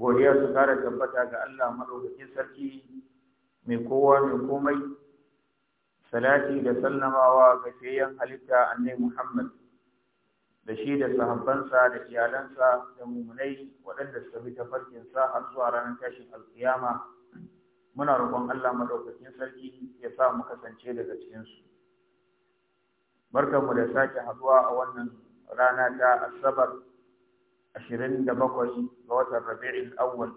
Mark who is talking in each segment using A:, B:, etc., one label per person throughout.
A: godiya su kara
B: tabbata ga Allah madaukakin sarki mai kowa mai komai salati da sallamawa ga fiyayyen halitta annai Muhammad da shi da sahabbansa da iyalansa da mumunai waɗanda suka bi tafarkinsa har zuwa ranar tashin alkiyama muna roƙon Allah madaukakin sarki ya sa mu kasance daga cikinsu
A: barkanmu da sake
B: haɗuwa a wannan rana ta asabar ashirin da bakwai ga watan Rabi'in awwal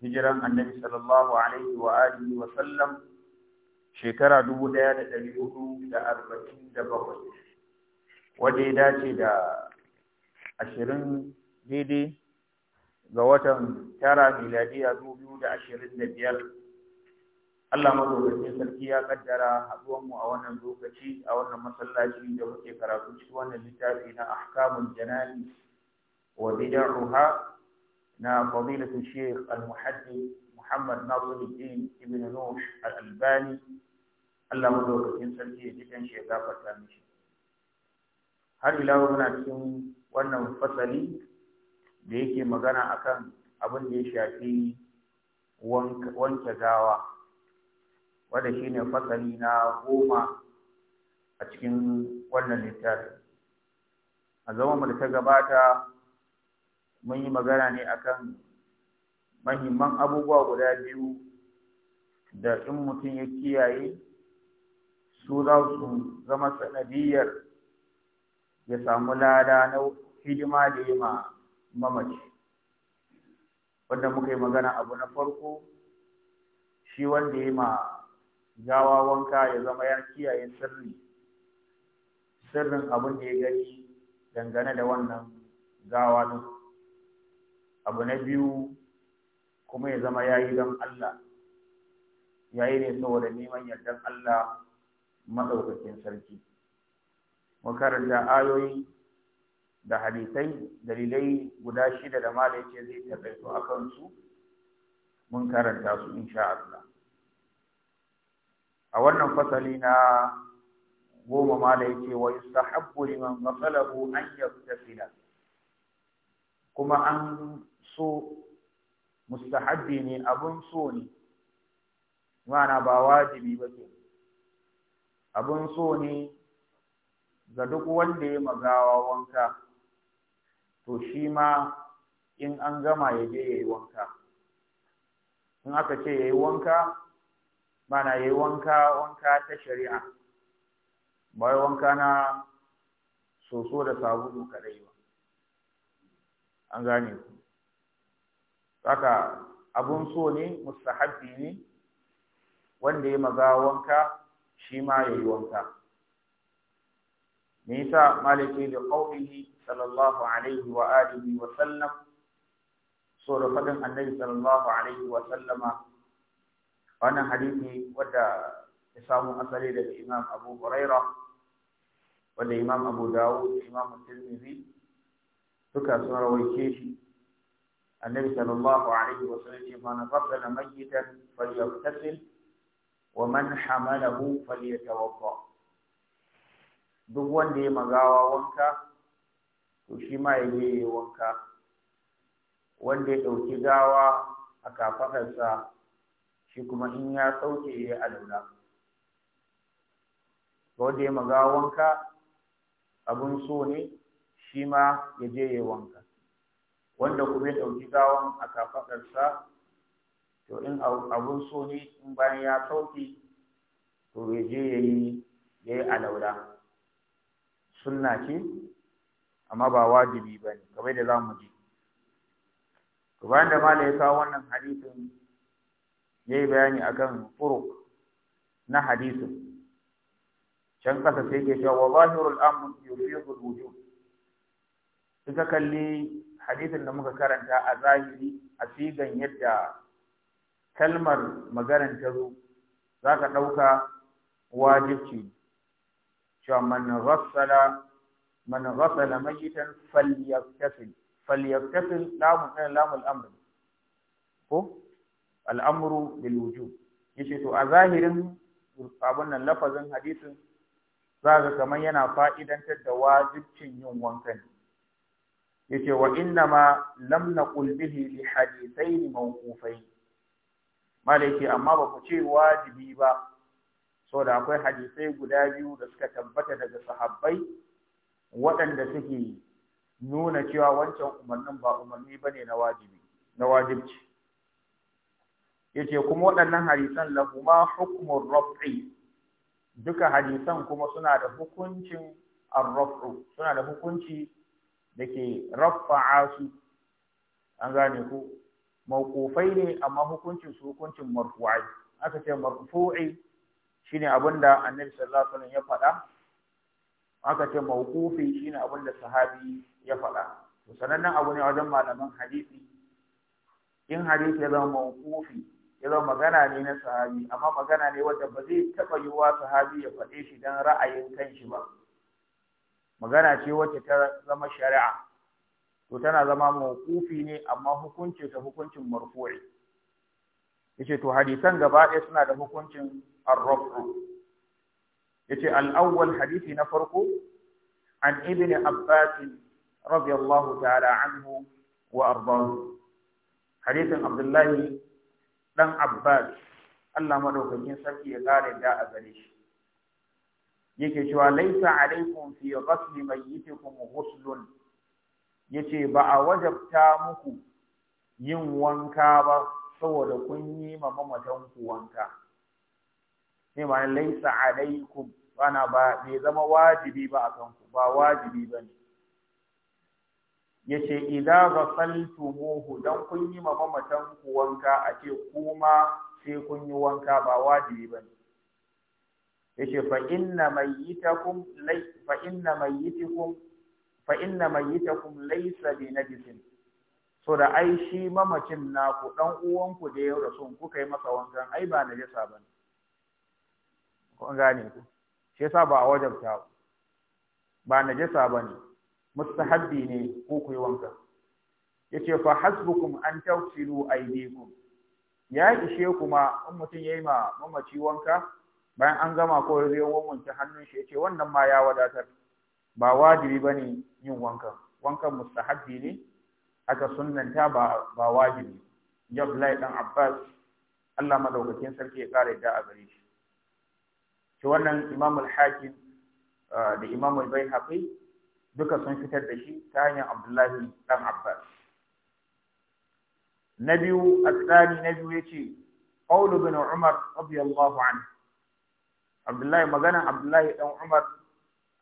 B: hijiran annabi sallallahu alaihi wa alihi wa sallam shekara dubu ɗaya da dari hudu da arba'in da bakwai wanda ya dace da ashirin daidai ga watan tara miladiya dubu biyu da ashirin da biyar Allah madaukakin sarki ya kaddara haɗuwanmu a wannan lokaci a wannan masallaci da muke karatu cikin wannan littafi na ahkamul janani وبدعها نا فضيلة الشيخ المحدث محمد ناصر الدين ابن نوح الألباني Allah madaukakin sarki ya ji kan shi ya gafarta mishi har ila muna cikin wannan fasali da yake magana akan abin da ya shafi wanke gawa wanda shine fasali na goma a cikin wannan littafi a zaman da ta gabata mun yi magana ne akan mahimman abubuwa guda biyu da in mutum ya kiyaye su za su zama sanadiyar ya samu lada na hidima da yi ma mamaci wanda muka yi magana abu na farko shi wanda ya ma gawa wanka ya zama ya kiyaye sirri sirrin abin da ya gani dangane da wannan gawa abu na biyu kuma ya zama yayi don Allah yayi ne saboda neman yardan Allah madaukakin sarki mu karanta ayoyi da hadisai dalilai guda shida da mala ce zai takaito a su mun karanta su insha Allah a wannan fasali na goma mala wai wa yustahabbu liman ghasalahu an yaftasila kuma an so mustahabbi ne abun so ne mana ba wajibi ba ce abun so ne ga duk wanda ya magawa wanka to shi ma in an gama ya je ya yi wanka in aka ce ya yi wanka mana ya yi wanka wanka ta shari'a ba wanka na soso da sabulu kadai ba an gane ku haka abun so ne mustahabbi ne wanda ya maza wanka shi ma ya yi wanka me yasa malike da qaulihi sallallahu alaihi wa alihi wa sallam so da fadin annabi sallallahu alaihi wa sallama wannan hadisi wanda ya samu asali daga imam abu huraira wanda imam abu dawud imam tirmidhi
A: suka sun rawaice
B: shi النبي صلى الله عليه وسلم من غسل ميتا فليغتسل ومن حمله فليتوضا duk wanda ya magawa wanka to shi ma ya je ya wanka wanda ya ɗauki gawa a kafafarsa shi kuma in ya sauke ya alaula Ko wanda ya magawa wanka abun so ne shi ma ya je ya wanka wanda kuma ya ɗauki gawan a kafaɗarsa to in abun so ne in bayan ya sauki, to ya je ya yi ya yi alaura sunna ce amma ba wajibi ba ne kamar da za mu ji to bayan da malai ya kawo wannan hadisin ya yi bayani akan furuk na hadisin can ƙasa sai ke cewa wa zahirul amr yufidu al ita kalli hadisin da muka karanta a zahiri a sigan yadda kalmar maganar ta zo za ka ɗauka wajibci cewa man ghassala man ghassala mayitan falyaktasil falyaktasil lamu ɗin lamul eh, amr ko Al'amuru bil wujub yace to a zahirin abun nan lafazin hadisin za ka kamar yana fa'idantar da wajibcin yin wankan yace wa inna ma lam naqul bihi li hadithain mawqufain malaki amma ba ku ce wajibi ba saboda akwai hadisai guda biyu da suka tabbata daga sahabbai waɗanda suke nuna cewa wancan umarnin ba umarni bane na wajibi na wajibci yace kuma waɗannan hadisan lahuma hukmur raf'i duka hadisan kuma suna da hukuncin ar-raf'u suna da hukunci da ke rafa'a su an gane ku mawqufai ne amma hukuncin su hukuncin marfu'i aka ce marfu'i shine abinda annabi sallallahu alaihi wasallam ya faɗa aka ce mawqufi shine abinda sahabi ya faɗa to sanannen abu ne wajen malaman hadisi in hadisi ya zama mawqufi ya zama magana ne na sahabi amma magana ne wanda ba zai taɓa yiwuwa sahabi ya faɗe shi don ra'ayin kanshi ba magana ce wacce ta zama shari'a to tana zama mawqufi ne amma hukuncin ta hukuncin marfu'i yace to hadisan gaba ɗaya suna da hukuncin ar-rafu yace al-awwal hadisi na farko an ibn abbas radiyallahu ta'ala anhu wa ardahu hadisin abdullahi dan abbas Allah madaukakin sarki ya kare da a gare shi yake cewa laisa alaikum fi ghasli mayyitikum ghuslun yace ba a wajabta muku yin wanka ba saboda kun yi ma mamatan ku wanka ne ma laisa alaikum bana ba bai zama wajibi ba a ku ba wajibi bane yace idza ghasaltumuhu dan kun yi ma mamatan ku wanka a kuma sai kun yi wanka ba wajibi bane yace fa inna mayyitakum lay fa inna mayyitakum fa inna mayyitakum laysa bi najisin so da ai shi mamacin naku dan uwanku da ya rasu kuka yi masa wankan ai ba najasa bane kun gane ku shi yasa ba a wajabta ba najasa bane mustahabbi ne ku ku yi wanka yace fa hasbukum an tawsilu aydikum ya ishe kuma in mutun yayi ma mamaci wanka bayan an gama ko ya zo wanke hannun shi yace wannan ma ya wadatar ba wajibi bane yin wankan wankan mustahabbi ne aka sunnanta ba ba wajibi Abdullahi dan Abbas Allah madaukakin sarki ya kare da a gare shi shi wannan Imam al-Hakim ah, da imamu al-Baihaqi duka sun fitar da shi ta hanyar Abdullahi dan Abbas na biyu asali na biyu yace قول bin Umar رضي الله Abdullahi maganan Abdullahi dan Umar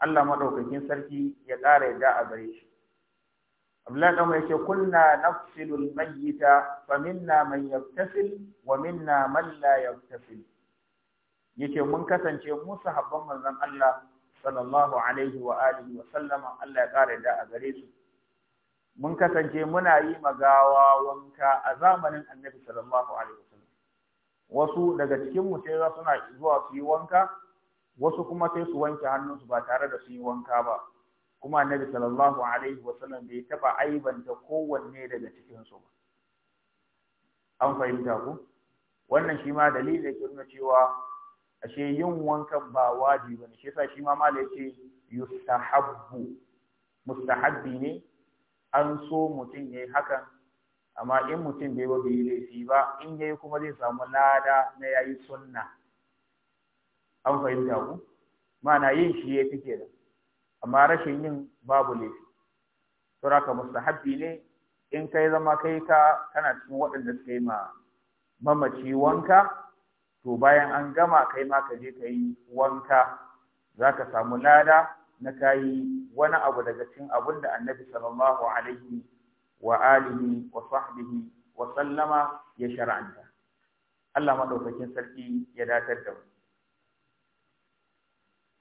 B: Allah maɗaukakin sarki ya ƙara yadda a gare shi. Abdullahi ɗan Umar yace kunna nafsilul mayyita fa minna man yaktasil wa minna man la yaktasil. Yace mun kasance mu sahabban manzon Allah sallallahu alaihi wa alihi wa sallama Allah ya ƙara yadda a gare su. Mun kasance muna yi magawa wanka a zamanin Annabi sallallahu alaihi wa wasu daga cikin mu sai suna zuwa su yi wanka wasu kuma sai su wanke hannunsu ba tare da su yi wanka ba kuma annabi sallallahu alaihi sallam bai taba aibanta kowanne daga cikin su ba an fahimta ku wannan shi ma dalilin da ke nuna cewa ashe yin wankan ba wajibi ne shi yasa shi ma mala yace yustahabbu mustahabbi ne an so mutum yayi hakan amma in mutum bai ba bai laifi ba in yayi kuma zai samu lada na yayi sunna an fahimta ku ma'ana yin shi ya fi kenan amma rashin yin babu laifi saboda ka mustahabbi ne in kai zama kai ka kana cikin waɗanda suka yi ma mamaci wanka to bayan an gama kai ma ka je ka yi wanka za ka samu lada na kayi wani abu daga cikin abun da annabi sallallahu alaihi wa alihi wa sahbihi wa sallama ya shar'anta Allah madaukakin sarki ya datar da mu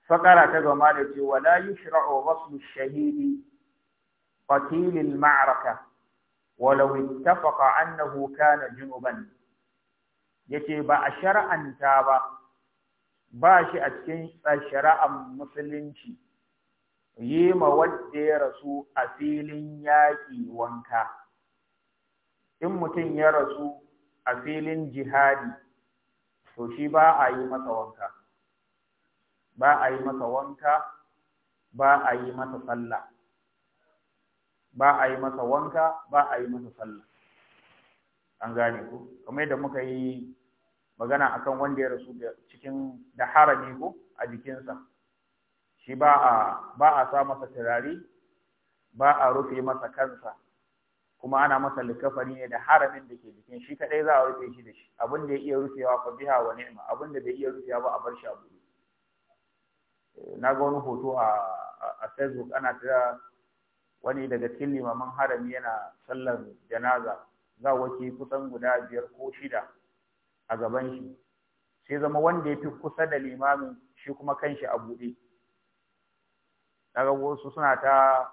B: fakara ta gama da ce wala yushra'u ghaslu shahidi qatil al-ma'raka walau ittafaqa annahu kana junuban yace ba a shar'anta ba ba shi a cikin shari'ar musulunci yi ma wadda ya rasu a filin yaƙi wanka in mutum ya rasu a filin jihadi to shi ba a yi masa wanka ba a yi masa wanka ba a yi masa sallah ba a yi masa wanka ba a yi masa sallah an gane ku kamar yadda muka yi magana akan wanda ya rasu cikin da harami ko a jikinsa shi ba a sa masa turare ba a rufe masa kansa kuma ana masa likafari ne da haramin da ke jikin shi kadai za a rufe shi da shi abin da ya iya rufewa fa biha wa ni'ma abin da bai iya rufewa ba a bar shi a buɗe eh, na ga wani hoto a a Facebook ana tira wani daga cikin limaman harami yana sallar janaza za wace kusan guda biyar ko shida a gaban shi sai zama wanda ya fi kusa da limamin shi kuma kanshi a buɗe kaga wasu suna ta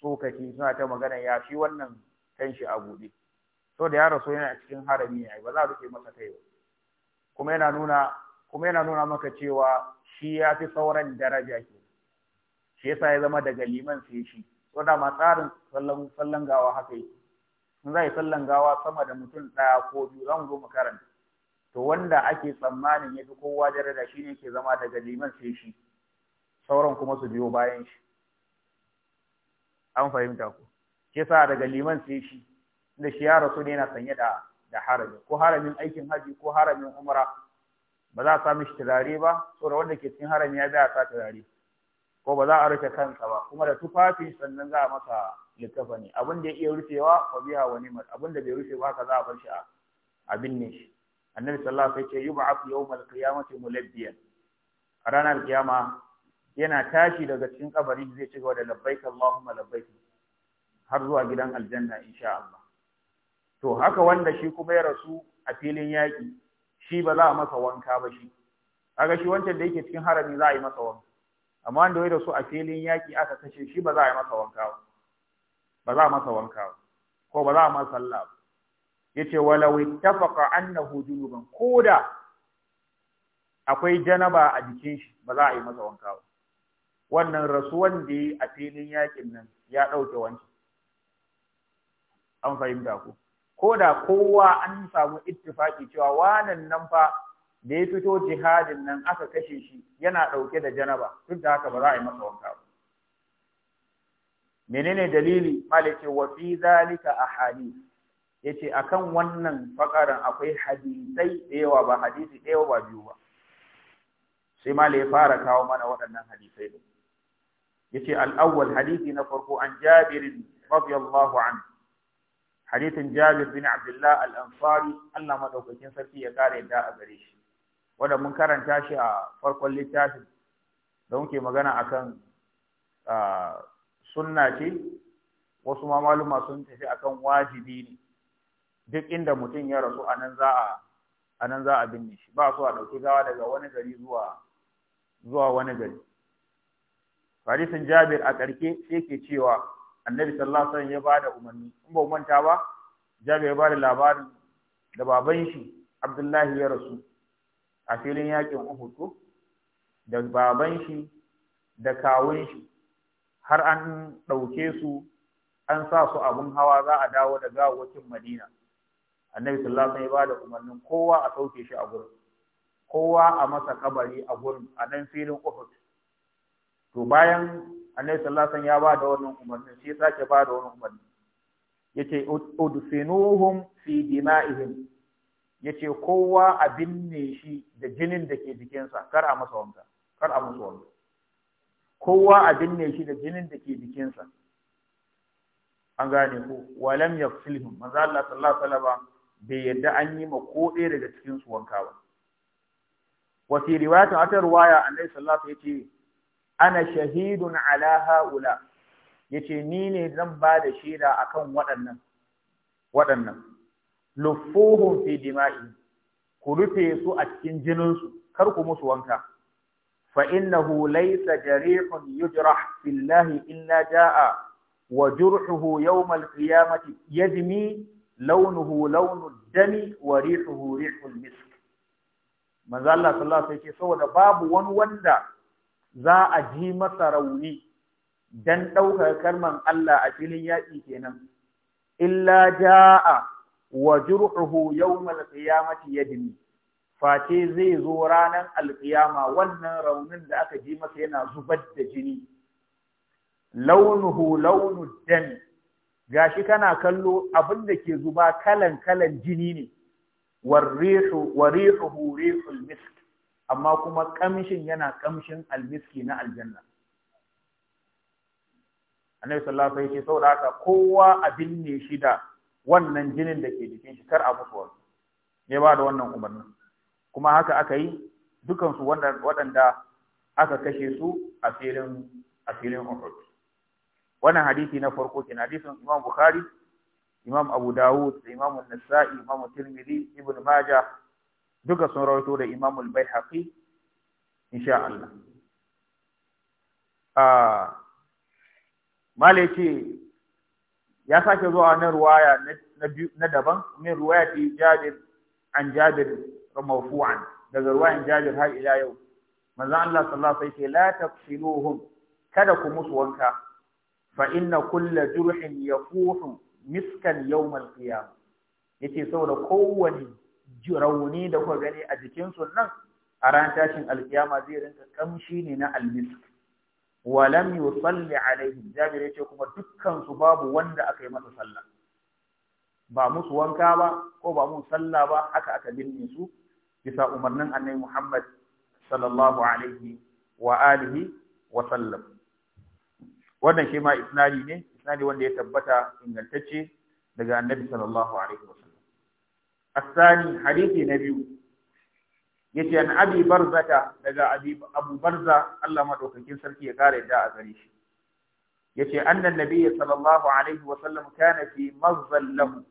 B: sokaki suna ta magana ya shi wannan kanshi a buɗe so da ya rasu yana cikin harami ne ba za a rufe masa kai ba kuma yana nuna kuma yana nuna maka cewa shi ya fi sauran daraja ke shi yasa ya zama daga liman sai shi so da ma tsarin sallan sallan gawa haka yake in za yi sallan gawa sama da mutum ɗaya ko biyu za mu zo mu karanta to wanda ake tsammanin ya fi kowa daraja shi ne ke zama daga liman sai shi sauran kuma su biyo bayan shi an fahimta ku shi yasa daga liman sai shi da shi ya rasu ne yana sanye da da harami ko haramin aikin haji ko haramin umra ba za a sa mishi turare ba saboda wanda ke cikin harami ya ga sa turare ko ba za a rufe kansa ba kuma da tufafi sannan za a masa littafa ne abin da ya iya rufewa fa biha wa ni'mat abin da bai rufe ba haka za a bar shi a abin ne shi annabi sallallahu alaihi wasallam ya ce yub'ath yawmal qiyamati mulabbiyan a ranar kiyama yana tashi daga cikin kabari zai ci gaba da labbaika Allahumma labbaik har zuwa gidan aljanna insha Allah to haka wanda shi kuma ya rasu a filin yaki shi ba za a masa wanka ba shi kaga shi wancan da yake cikin harami za a yi masa wanka amma wanda ya rasu a filin yaki aka kashe shi ba za a yi masa wanka ba ba za a masa wanka ba ko ba za a masa sallah ba yace walau ittafaqa annahu junuban koda akwai janaba a jikin shi ba za a yi masa wanka ba wannan rasuwan da yi a filin yakin nan ya ɗauke wancan an fahimta ku ko da kowa an samu ittifaki cewa wanan nan fa da ya fito jihadin nan aka kashe shi yana ɗauke da janaba duk da haka ba za a yi masa wanka ba menene dalili malike wa fi zalika ahadith yace akan wannan fakaran akwai hadisai da yawa ba hadisi da yawa ba biyu ba
A: sai malai ya fara kawo
B: mana waɗannan hadisai din yace al-awwal hadisi na farko an Jabir radiyallahu anhu hadisin Jabir bin Abdullah al-Ansari Allah madaukakin sarki ya kare da a gare shi wanda mun karanta shi a farkon littafin da muke magana akan sunna ce wasu ma maluma sun tafi akan wajibi ne duk inda mutum ya rasu anan za a anan za a binne shi ba so a dauki gawa daga wani gari zuwa zuwa wani gari hadisin Jabir a ƙarke sai ke cewa Annabi sallallahu alaihi wasallam ya bada umarni in ba manta ba Jabir ya bada labarin da baban shi Abdullahi ya rasu a filin yakin Uhud ko da baban shi da kawun shi har an ɗauke su an sa su abun hawa za a dawo da gawawakin Madina
A: Annabi sallallahu alaihi wasallam ya
B: bada umarnin kowa a sauke shi a gurin kowa a masa kabari a gurin a nan filin Uhud to bayan annabi sallallahu alaihi wasallam ya ba da wannan umarnin shi ya sake ba da wannan umarnin yace udfinuhum fi dima'ihim yace kowa a binne shi da jinin da ke sa kar a masa wanka kar a masa wanka kowa a binne shi da jinin da ke sa an gane ko walam yakfilhum manzo Allah sallallahu alaihi wasallam bai yadda an yi ma ko ɗaya daga cikin su wanka ba wa fi riwayatin waya annabi sallallahu alaihi wasallam yace ana shahidun ala haula yace ni ne zan ba da shaida akan waɗannan waɗannan lufuhum fi dima'i ku rufe su a cikin jinin su kar ku musu wanka fa innahu laysa jarihun yujrah fillahi illa jaa wa jurhuhu yawm al-qiyamati yadmi launuhu launu dami wa rihuhu rihul misk manzo Allah sallallahu alaihi wasallam saboda babu wani wanda za a ji masa rauni dan ɗaukar kalman Allah a filin yaƙi kenan illa ja'a wa jur'uhu yawmal qiyamati yadmi face zai zo ranar alƙiyama wannan raunin da aka ji masa yana zubar da jini launuhu launu dami gashi kana kallo abin da ke zuba kalan kalan jini ne warrihu warrihu rihul misk amma kuma kamshin yana kamshin almiski na aljanna annabi sallallahu alaihi wasallam saboda haka kowa a binne shi da wannan jinin da ke jikin shi kar a musu wani ya ba da wannan umarni kuma haka aka yi dukan su waɗanda aka kashe su a filin a filin Uhud wannan hadisi na farko ke hadisin Imam Bukhari Imam Abu Dawud Imam An-Nasa'i Imam Tirmidhi Ibn Majah duka sun rawaito da Imam al-Baihaqi insha Allah ah malaki ya sake zuwa nan ruwaya na daban min ruwayati Jabir an Jabir marfu'an daga ruwayan Jabir har ila yau manzo Allah sallallahu alaihi wasallam la taqsiluhum kada ku musu wanka fa inna kulla jurhin yafuhu miskan yawm al-qiyam yace saboda kowane rauni da kuka gani a jikinsu nan a ran tashin alkiyama zai rinka kamshi ne na almisk walam yusalli alaihi jabir yace kuma dukkan su babu wanda aka yi masa sallah ba musu wanka ba ko ba musu sallah ba haka aka binne su bisa umarnin annabi Muhammad sallallahu alaihi wa alihi wa sallam wannan shi ma isnadi ne isnadi wanda ya tabbata ingantacce daga annabi sallallahu alaihi wa sallam الثاني حديث نبي yace an abi barzata daga abi Allah madaukakin sarki ya kare da a gare shi yace annan nabiyyi sallallahu alaihi wa sallam kana fi mazzal lahu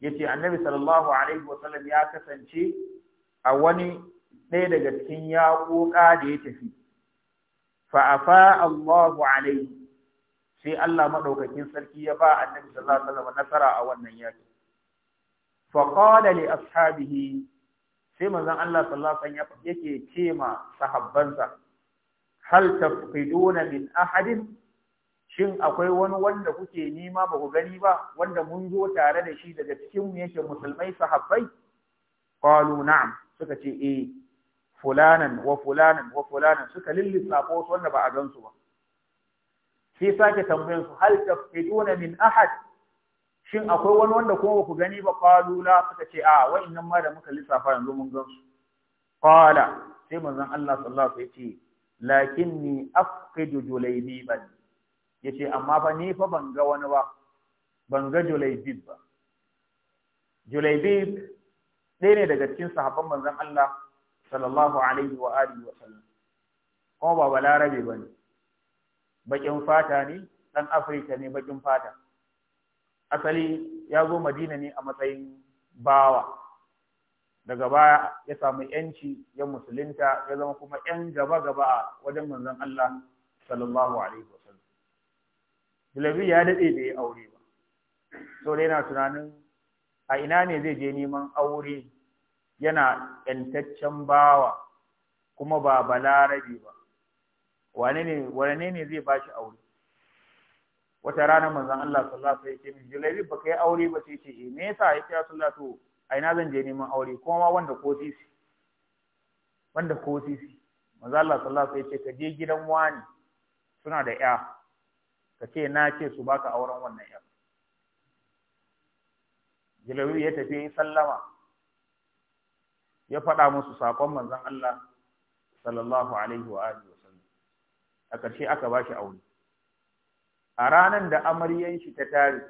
B: yace annabi sallallahu alaihi wa sallam ya kasance a wani ɗaya daga cikin yaƙoƙa da ya tafi fa afa Allahu alaihi sai Allah maɗaukakin sarki ya ba annabi sallallahu alaihi wa sallam nasara a wannan yaki faƙala li ashabihi sai manzon Allah sallallahu alaihi wasallam yake ce sahabbansa hal tafqiduna min ahadin shin akwai wani wanda kuke nima ba ku gani ba wanda mun zo tare da shi daga cikin mu yake musulmai sahabbai qalu na'am suka ce eh fulanan wa fulanan wa fulanan suka lillissafo wanda ba a gansu ba sai sake tambayan su hal tafqiduna min ahad shin akwai wani wanda kuma ba ku gani ba qalu la suka ce a wa'annan ma da muka lissafa yanzu mun gan su qala sai manzon Allah sallallahu alaihi wasallam ya ce lakinni afqidu julaybiban yace amma fa ni fa ban ga wani ba ban ga julaybib ba julaybib ɗaya ne daga cikin sahabban manzon Allah sallallahu alaihi wa alihi wa sallam kuma ba balarabe bane bakin fata ne dan Afrika ne bakin fata asali ya zo madina ne a matsayin bawa daga baya ya samu yanci ya musulunta ya zama kuma yan gaba gaba a wajen manzon Allah sallallahu alaihi wasallam Bilabi ya dade da ya aure ba so dai yana tunanin a ina ne zai je neman aure yana yantaccen bawa kuma ba balarabe ba wane ne wane ne zai bashi aure wata rana manzon Allah sallallahu alaihi wasallam yake ce Julaibi baka yi aure ba sai ce eh me yasa ya ce Rasulullah to ai na zan je neman aure kuma ma wanda ko sisi wanda ko sisi manzon Allah sallallahu alaihi wasallam yake ce ka je gidan wani suna da ya ka ce na ce su baka auren wannan ya Julaibi ya tafi sallama ya faɗa musu sakon manzon Allah sallallahu alaihi wa alihi wasallam a ƙarshe aka bashi aure a ranan da amaryan shi ta tare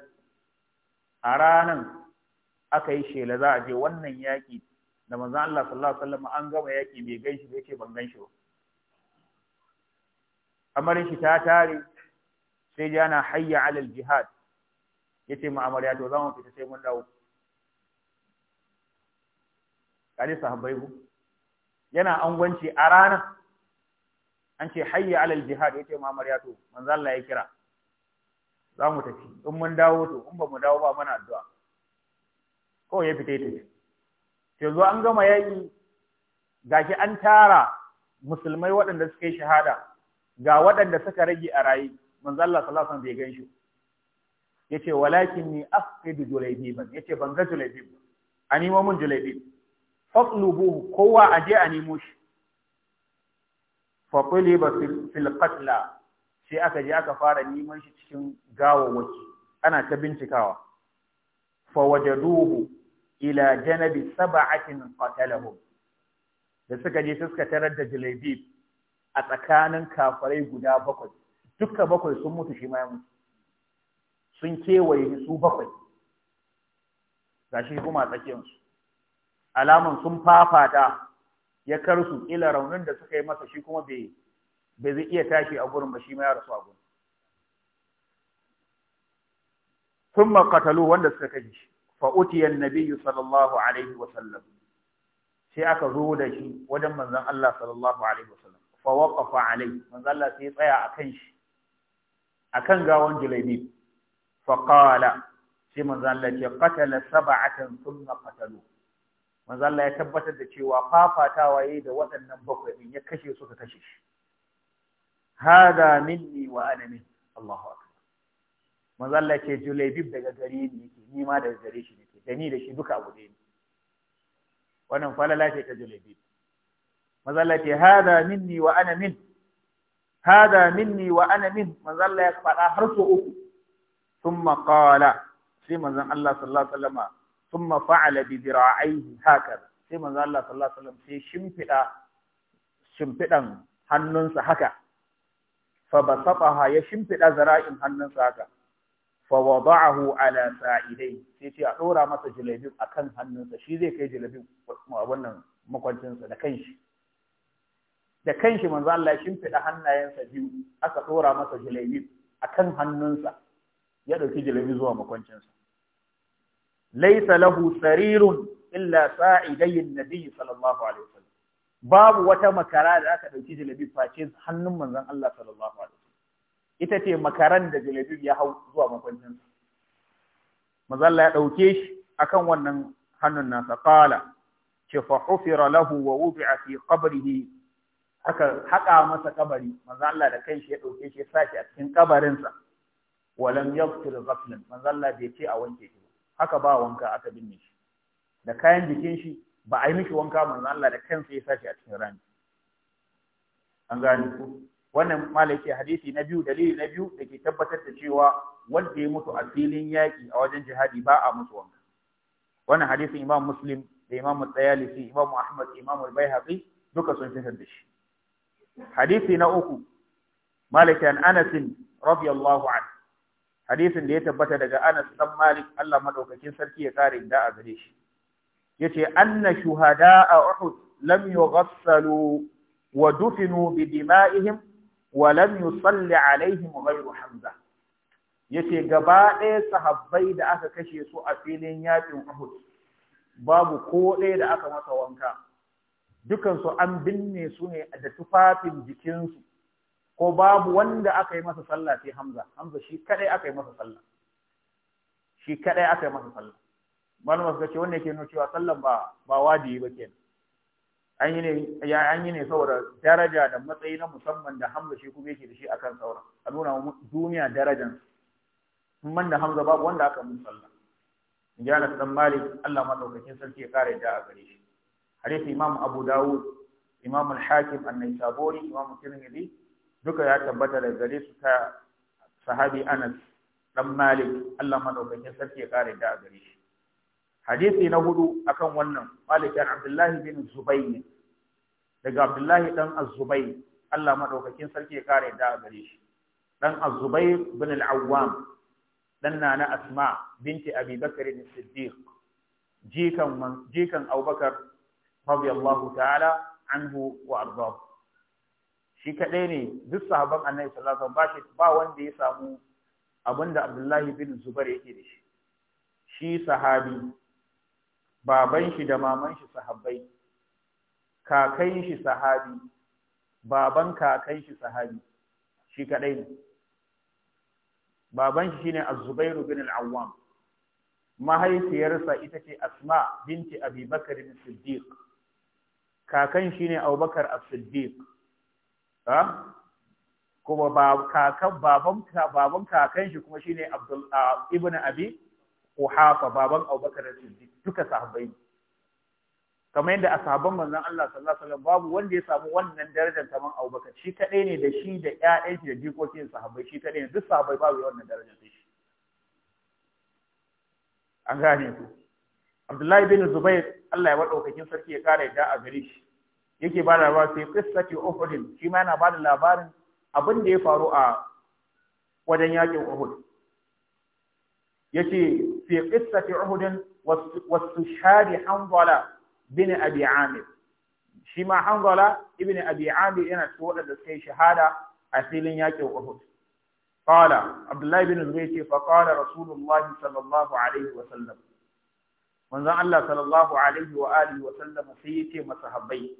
B: a ranan aka yi shela za a je wannan yaƙi da manzon Allah sallallahu alaihi wasallam an gama yaƙi bai gan shi bai ce ban gan shi ba amaryan shi ta tare sai ji ana hayya alal jihad yace ce amarya to za mu fita sai mun dawo kare sahabbai ku yana angwanci a ranar an ce hayya alal jihad yace ce amarya to manzo Allah ya kira za mu tafi in mun dawo to in ba mu dawo ba mana addu'a kawai ya fita tafi zo an gama yaƙi gashi an tara musulmai waɗanda suka yi shahada ga waɗanda suka rage a rayu. manzo Allah sallallahu alaihi wasallam bai ganshi yace walakin ni julaybi ban yace ban ga julaybi a nemo mun julaybi fatlubuhu kowa aje a nemo shi fa quliba fil qatla sai aka je aka fara neman shi cikin gawawwaki ana ta bincikawa Fa wajaduhu ila janabi sab'atin qatalahum da suka je suka tarar da Jalabib a tsakanin kafarai guda bakwai duka bakwai sun mutu shi ma ya mutu sun kewaye su bakwai gashi kuma su alaman sun fafata ya karsu ila raunin da suka yi masa shi kuma bai bai zai iya tashi a gurin ba shi ma ya rasu a gurin thumma qatalu wanda suka kaji fa utiya an sallallahu alaihi wa sallam sai aka zo da shi wajen manzon Allah sallallahu alaihi wa sallam fa waqafa alaihi manzon Allah sai tsaya akan shi akan gawan gawon fa qala sai manzon Allah ya qatala sab'atan thumma qatalu manzon Allah ya tabbatar da cewa fafatawa yi da waɗannan bakwai ya kashe su ka kashe shi hada minni wa ana min Allahu akbar manzo Allah ce Julaybib daga gare ni yake ni ma daga gare shi nake da ni da shi duka abu ne wannan falala ce ta Julaybib manzo Allah ce hada minni wa ana min hada minni wa ana min manzo Allah ya faɗa har so uku thumma qala sai manzon Allah sallallahu alaihi wasallam thumma fa'ala bi dira'aihi hakaza sai manzo Allah sallallahu alaihi wasallam sai shimfida shimfidan hannunsa haka fa basataha ya shimfiɗa zara'in hannunsa haka fa wada'ahu ala sa'idai sai ce a dora masa jalabi akan hannunsa shi zai kai jalabi wannan makwancinsa da kanshi da kanshi manzo Allah ya shimfida hannayensa biyu aka dora masa jalabi akan hannunsa ya dauki jalabi zuwa makwancinsa laysa lahu sarirun illa sa'idai annabi sallallahu alaihi wasallam babu wata makara da aka ɗauki jalabi face hannun manzon Allah sallallahu alaihi wasallam ita ce makaran da jalabi ya hau zuwa makwancin manzon Allah ya ɗauke shi akan wannan hannun nasa qala ce fa hufira lahu wa wudi'a fi qabrihi aka haƙa masa kabari manzon Allah da kanshi ya ɗauke shi ya sa a cikin kabarinsa walam yaghfir ghaflan manzon Allah bai ce a wanke shi haka ba wanka aka binne shi da kayan jikin shi ba a yi mishi wanka manzo Allah da kansa ya sashi a cikin rami an gane ku wannan malaki hadisi na biyu dalili na biyu da ke tabbatar da cewa wanda ya mutu a filin yaƙi a wajen jihadi ba a musu wanka wannan hadisin imam muslim da imam tsayalisi imam ahmad imam albayhaqi duka sun fitar da shi hadisi na uku malaki an anas radiyallahu anhu hadisin da ya tabbata daga anas dan malik Allah madaukakin sarki ya kare da a gare shi yace anna shuhada'a uhud lam yughassalu wa dufinu bi dima'ihim wa lam yusalli alaihim ghayru hamza
A: yace gaba
B: ɗaya sahabbai da aka kashe su a filin yaƙin Uhud babu ko ɗaya da aka masa wanka dukan su an binne su ne da tufafin jikinsu ko babu wanda aka yi masa sallah sai Hamza Hamza shi kadai aka yi masa sallah shi kadai aka yi masa sallah malama suka ce wannan ke nuna cewa sallan ba ba wajibi ba kenan an yi ne an yi ne saboda daraja da matsayi na musamman da Hamza shi kuma yake da shi akan sauran a nuna duniya darajan man da Hamza babu wanda aka mun sallah jana dan Malik Allah ma madaukakin sarki ya kare da a gare shi hadisi Imam Abu Dawud Imam Al-Hakim An-Naisaburi Imam Tirmidhi duka ya tabbata da gare su ta sahabi Anas dan Malik Allah ma madaukakin sarki ya kare da a gare shi hadisi na hudu akan wannan malikin abdullahi bin zubayr daga abdullahi dan az-zubayr Allah madaukakin sarki ya kare da gare shi dan az-zubayr bin al-awwam dan nana asma binti abi bakr as-siddiq jikan jikan abubakar radiyallahu ta'ala anhu wa ardahu shi kadai ne duk sahabban annabi sallallahu alaihi wasallam ba wanda ya samu abinda abdullahi bin Zubar yake da shi shi sahabi baban shi da maman shi sahabbai kakan shi sahabi baban kakan shi sahabi shi kadai ne baban shi shine Az-Zubair bin Al-Awwam mahaifiyarsa ita ce Asma binti Abi Bakr Siddiq kakan shi ne Abubakar As-Siddiq ha kuma baban kakan baban baban kakan shi kuma shine Abdul ah, Ibn Abi Kuhafa baban Abubakar Siddiq duka sahabbai kamar yadda a sahabban manzon Allah sallallahu alaihi wasallam babu wanda ya samu wannan darajar kamar Abubakar shi kadai ne da shi da ƴaƴan shi da jikokin sahabbai shi kadai ne duk sahabbai babu wannan darajar sai shi an gane ku Abdullahi bin Zubair Allah ya madaukakin sarki ya kare da a gare shi yake ba da labarin sai qissati Uhud shi ma yana ba da labarin abin da ya faru a wajen yakin Uhud yace في قصة عهد واستشهاد حنظلة بن أبي عامر شما حنظلة ابن أبي عامر أنا سوء لسكي شهادة أسيل ياكي أحد قال عبد الله بن زبير فقال رسول الله صلى الله عليه وسلم manzon Allah sallallahu alaihi wa alihi wa sallam sai yace masahabbai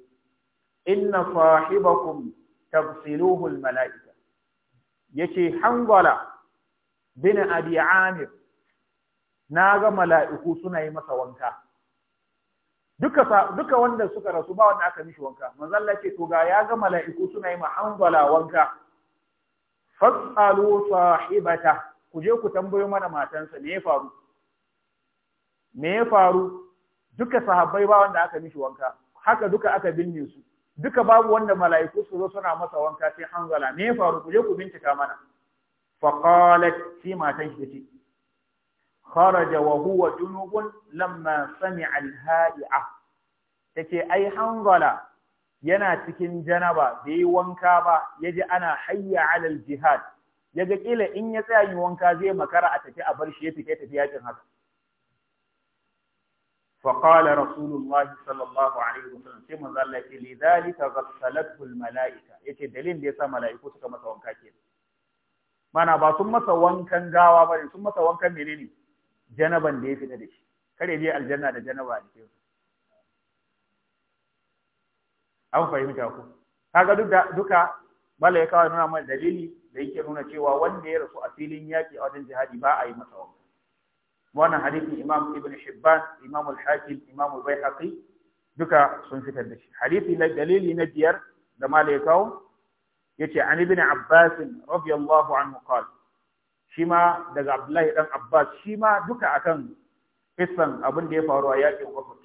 B: inna sahibakum tafsiluhu almalaika yace hangala bin abi amir na ga mala'iku suna yi masa wanka duka duka wanda suka rasu ba wanda aka mishi wanka manzo Allah ce to ga ya ga mala'iku suna yi ma wanka fasalu sahibata ku je ku tambayo mana matansa me ya faru me ya faru duka sahabbai ba wanda aka mishi wanka haka duka aka binne su duka babu wanda mala'iku su zo suna masa wanka sai hanzala me ya faru ku je ku bincika mana faqalat shi matan shi kharaja wa huwa junubun lamma sami'a al-hadi'a tace ai hangala yana cikin janaba bai yi wanka ba yaji ana hayya ala al-jihad yaga kila in ya tsaya yi wanka zai makara a tafi a shi ya fita فقال رسول الله صلى الله عليه وسلم sai manzo Allah yake lidhalika ghassalatu almalaika yace dalilin da yasa malaiku suka masa wanka ke mana ba sun masa wankan gawa ba sun masa wankan menene janaban da ya fita da shi kare aljanna da janaba da ke an fahimta ku kaga duk da duka mala ya kawo nuna mana dalili da yake nuna cewa wanda ya rasu a filin yaki a wajen jihadi ba a yi masa wanka wannan hadisin imam ibn hibban imam al-hakim imam al-baihaqi duka sun fitar da shi hadisi na dalili na biyar da mala ya kawo yace an ibn abbas radiyallahu anhu qala shi ma daga Abdullahi Ɗan Abbas shi ma duka akan kissan abin da ya faru a yakin Uhud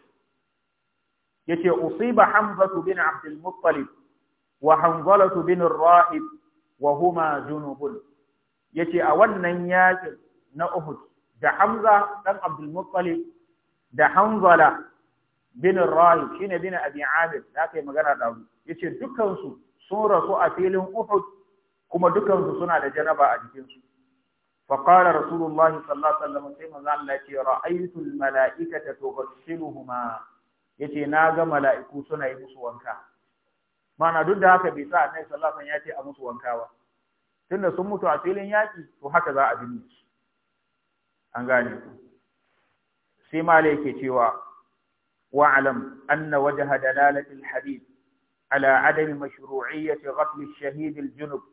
B: yace usiba Hamzatu bin Abdul Muttalib wa Hanzalatu bin Rahib wa huma Ya yace a wannan yakin na Uhud da Hamza dan Abdul Muttalib da Hanzala bin Rahib shine bin Abi Amir da yi magana da su yace ce su sun rasu a filin Uhud kuma dukansu suna da janaba a jikinsu فقال رسول الله صلى الله عليه وسلم سيما التي رأيت الملائكة تغسلهما yace na mala'iku suna yi musu wanka mana duk da haka bai sa annabi sallallahu ya ce a musu wanka ba tunda sun mutu a filin yaki to haka za a binne an gane sai malai yake cewa wa anna wajha dalalati alhadith ala adami mashru'iyyati ghasl ash junub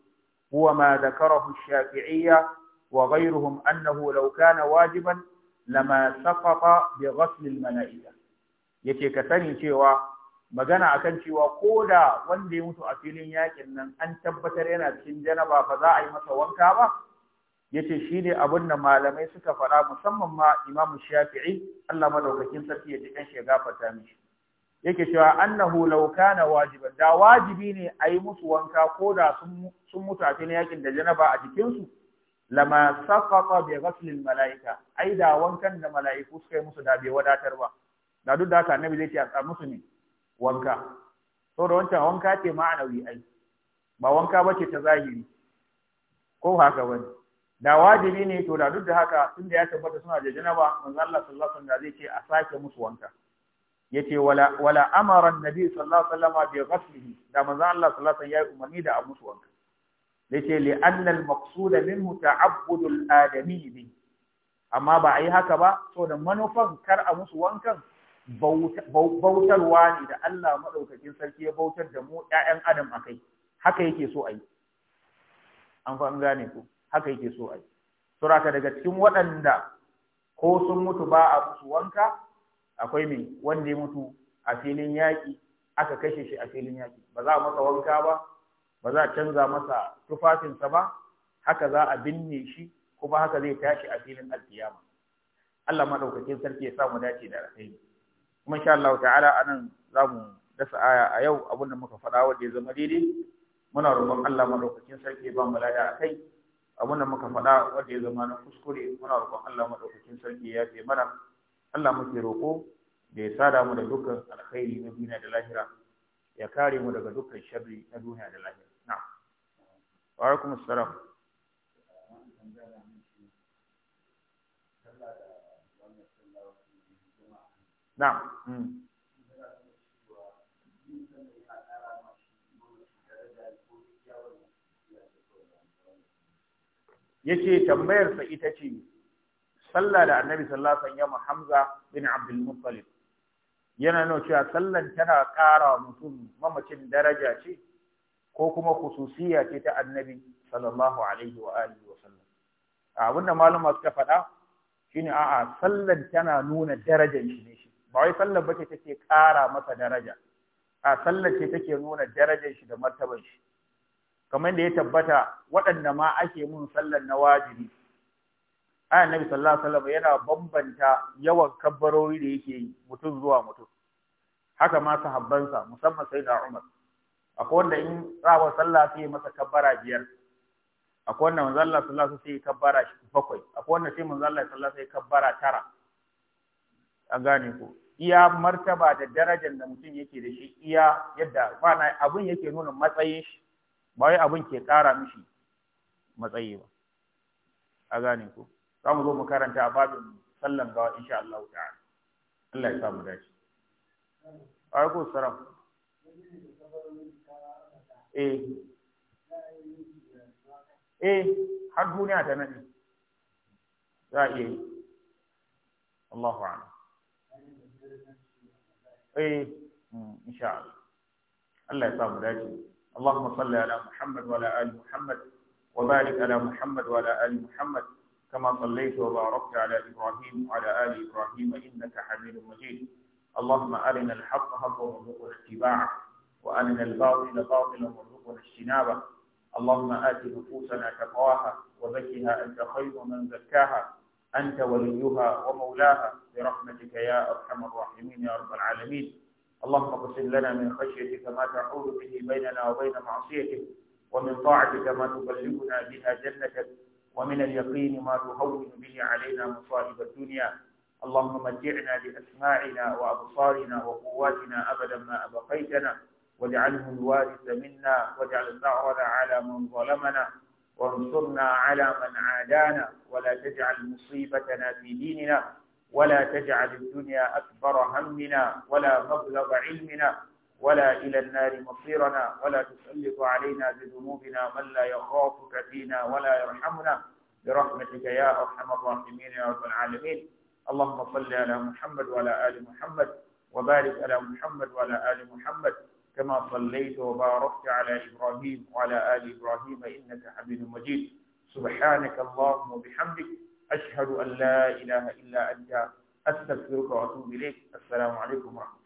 B: huwa ma dhakarahu ash وغيرهم أنه لو كان واجبا لما سقط بغسل الملائكة yace ka sani cewa magana akan cewa koda wanda ya mutu a filin yakin nan an tabbatar yana cikin janaba fa za a yi masa wanka ba yace shine abin da malamai suka faɗa musamman ma Imam Shafi'i Allah madaukakin sarki ya ji shi gafarta mishi yake cewa annahu law kana wajiban da wajibi ne a yi musu wanka koda sun sun mutu a filin yakin da janaba a jikinsu su lama saqata bi ghasl al malaika ai da wankan da malaiku suka yi musu da bai wadatar ba da duk da haka annabi zai ce a musu ne wanka to da wancan wanka ce ma'anawi ai ba wanka bace ta zahiri ko haka bane da wajibi ne to da duk da haka tun da ya tabbata suna da janaba manzo Allah sallallahu alaihi wasallam zai ce a sake musu wanka
A: yace wala
B: wala amara annabi sallallahu alaihi wasallam bi ghaslihi da manzo Allah sallallahu alaihi wasallam ya umarni da a musu wanka yace li anna al maqsud minhu ta'abbud al amma ba ai haka ba da manufan kar a musu wankan bautarwa ne da Allah madaukakin sarki ya bautar da mu ƴaƴan adam akai haka yake so ai an fa an gane ku haka yake so ai suraka daga cikin waɗanda ko sun mutu ba a musu wanka akwai mai wanda ya mutu a filin yaƙi aka kashe shi a filin yaƙi ba za a masa wanka ba ba za a canza masa tufafinsa ba haka za a binne shi kuma haka zai tashi a filin alkiyama Allah madaukakin sarki ya sa mu dace da alkhairi kuma insha Allah ta'ala anan zamu dasa aya a yau abin da muka faɗa wanda ya zama daidai muna roƙon Allah madaukakin sarki ya ba mu lada akai abin da muka faɗa wanda ya zama na kuskure muna roƙon Allah madaukakin sarki ya yafe mana Allah muke roƙo da ya sada mu da dukkan alkhairi na duniya da lahira ya kare mu daga dukkan sharri na duniya da lahira na wa alaikum assalam hmm. ya ce tambayarsa ita ce sallah da annabi sallasan yamma Hamza bin Abdul Muttalib yana nuna cewa sallan tana ƙara mutum mamacin daraja ce ko kuma khususiyya ce ta annabi sallallahu alaihi wa alihi wa sallam abinda malama suka faɗa shine a'a sallan tana nuna darajar shi ne shi ba wai sallan bace take ƙara masa daraja a sallan ce take nuna darajar shi da martabar shi kamar da ya tabbata waɗanda ma ake mun sallan na wajibi nabi sallallahu alaihi wasallam yana bambanta yawan kabbarori da yake yi mutum zuwa mutum haka ma sahabbansa musamman sai da Umar akwai wanda in rawa sallah sai ya masa kabbara biyar akwai wanda manzo Allah sallallahu alaihi wasallam sai ya kabbara bakwai akwai wanda sai manzo Allah sallallahu alaihi wasallam sai ya kabbara tara an gane ku iya martaba da darajar da mutum yake da shi iya yadda kwana abin yake nuna matsayin shi ba wai abin ke ƙara mishi matsayi ba a gane ku za zo mu karanta a babin sallan gawa insha Allah ta'ala Allah ya samu dace ai ko salam eh eh har duniya ta nade za a iya yi Allahu a'lam eh insha Allah Allah ya samu dace اللهم صل على محمد وعلى ال محمد وبارك على محمد وعلى ال محمد كما صليت وباركت على إبراهيم وعلى آل إبراهيم إنك حميد مجيد اللهم أرنا الحق حقا وارزقنا اتباعه وأرنا الباطل باطلا وارزقنا اجتنابه اللهم آت نفوسنا تقواها وزكها أنت خير من زكاها أنت وليها ومولاها برحمتك يا أرحم الراحمين يا رب العالمين اللهم اقسم لنا من خشيتك ما تحول به بيننا وبين معصيتك ومن طاعتك ما تبلغنا بها جنتك ومن اليقين ما تهون به علينا مصائب الدنيا اللهم متعنا بأسماعنا وأبصارنا وقواتنا أبدا ما أبقيتنا واجعله الوارث منا واجعل ثأرنا على من ظلمنا وانصرنا على من عادانا ولا تجعل مصيبتنا في ديننا ولا تجعل الدنيا أكبر همنا ولا مبلغ علمنا ولا إلى النار مصيرنا ولا تسلط علينا بذنوبنا من لا يخافك فينا ولا يرحمنا برحمتك يا أرحم الراحمين يا رب العالمين اللهم صل على محمد وعلى آل محمد وبارك على محمد وعلى آل محمد كما صليت وباركت على إبراهيم وعلى آل إبراهيم إنك حميد مجيد سبحانك اللهم وبحمدك أشهد أن لا إله إلا أنت أستغفرك وأتوب إليك السلام عليكم ورحمة الله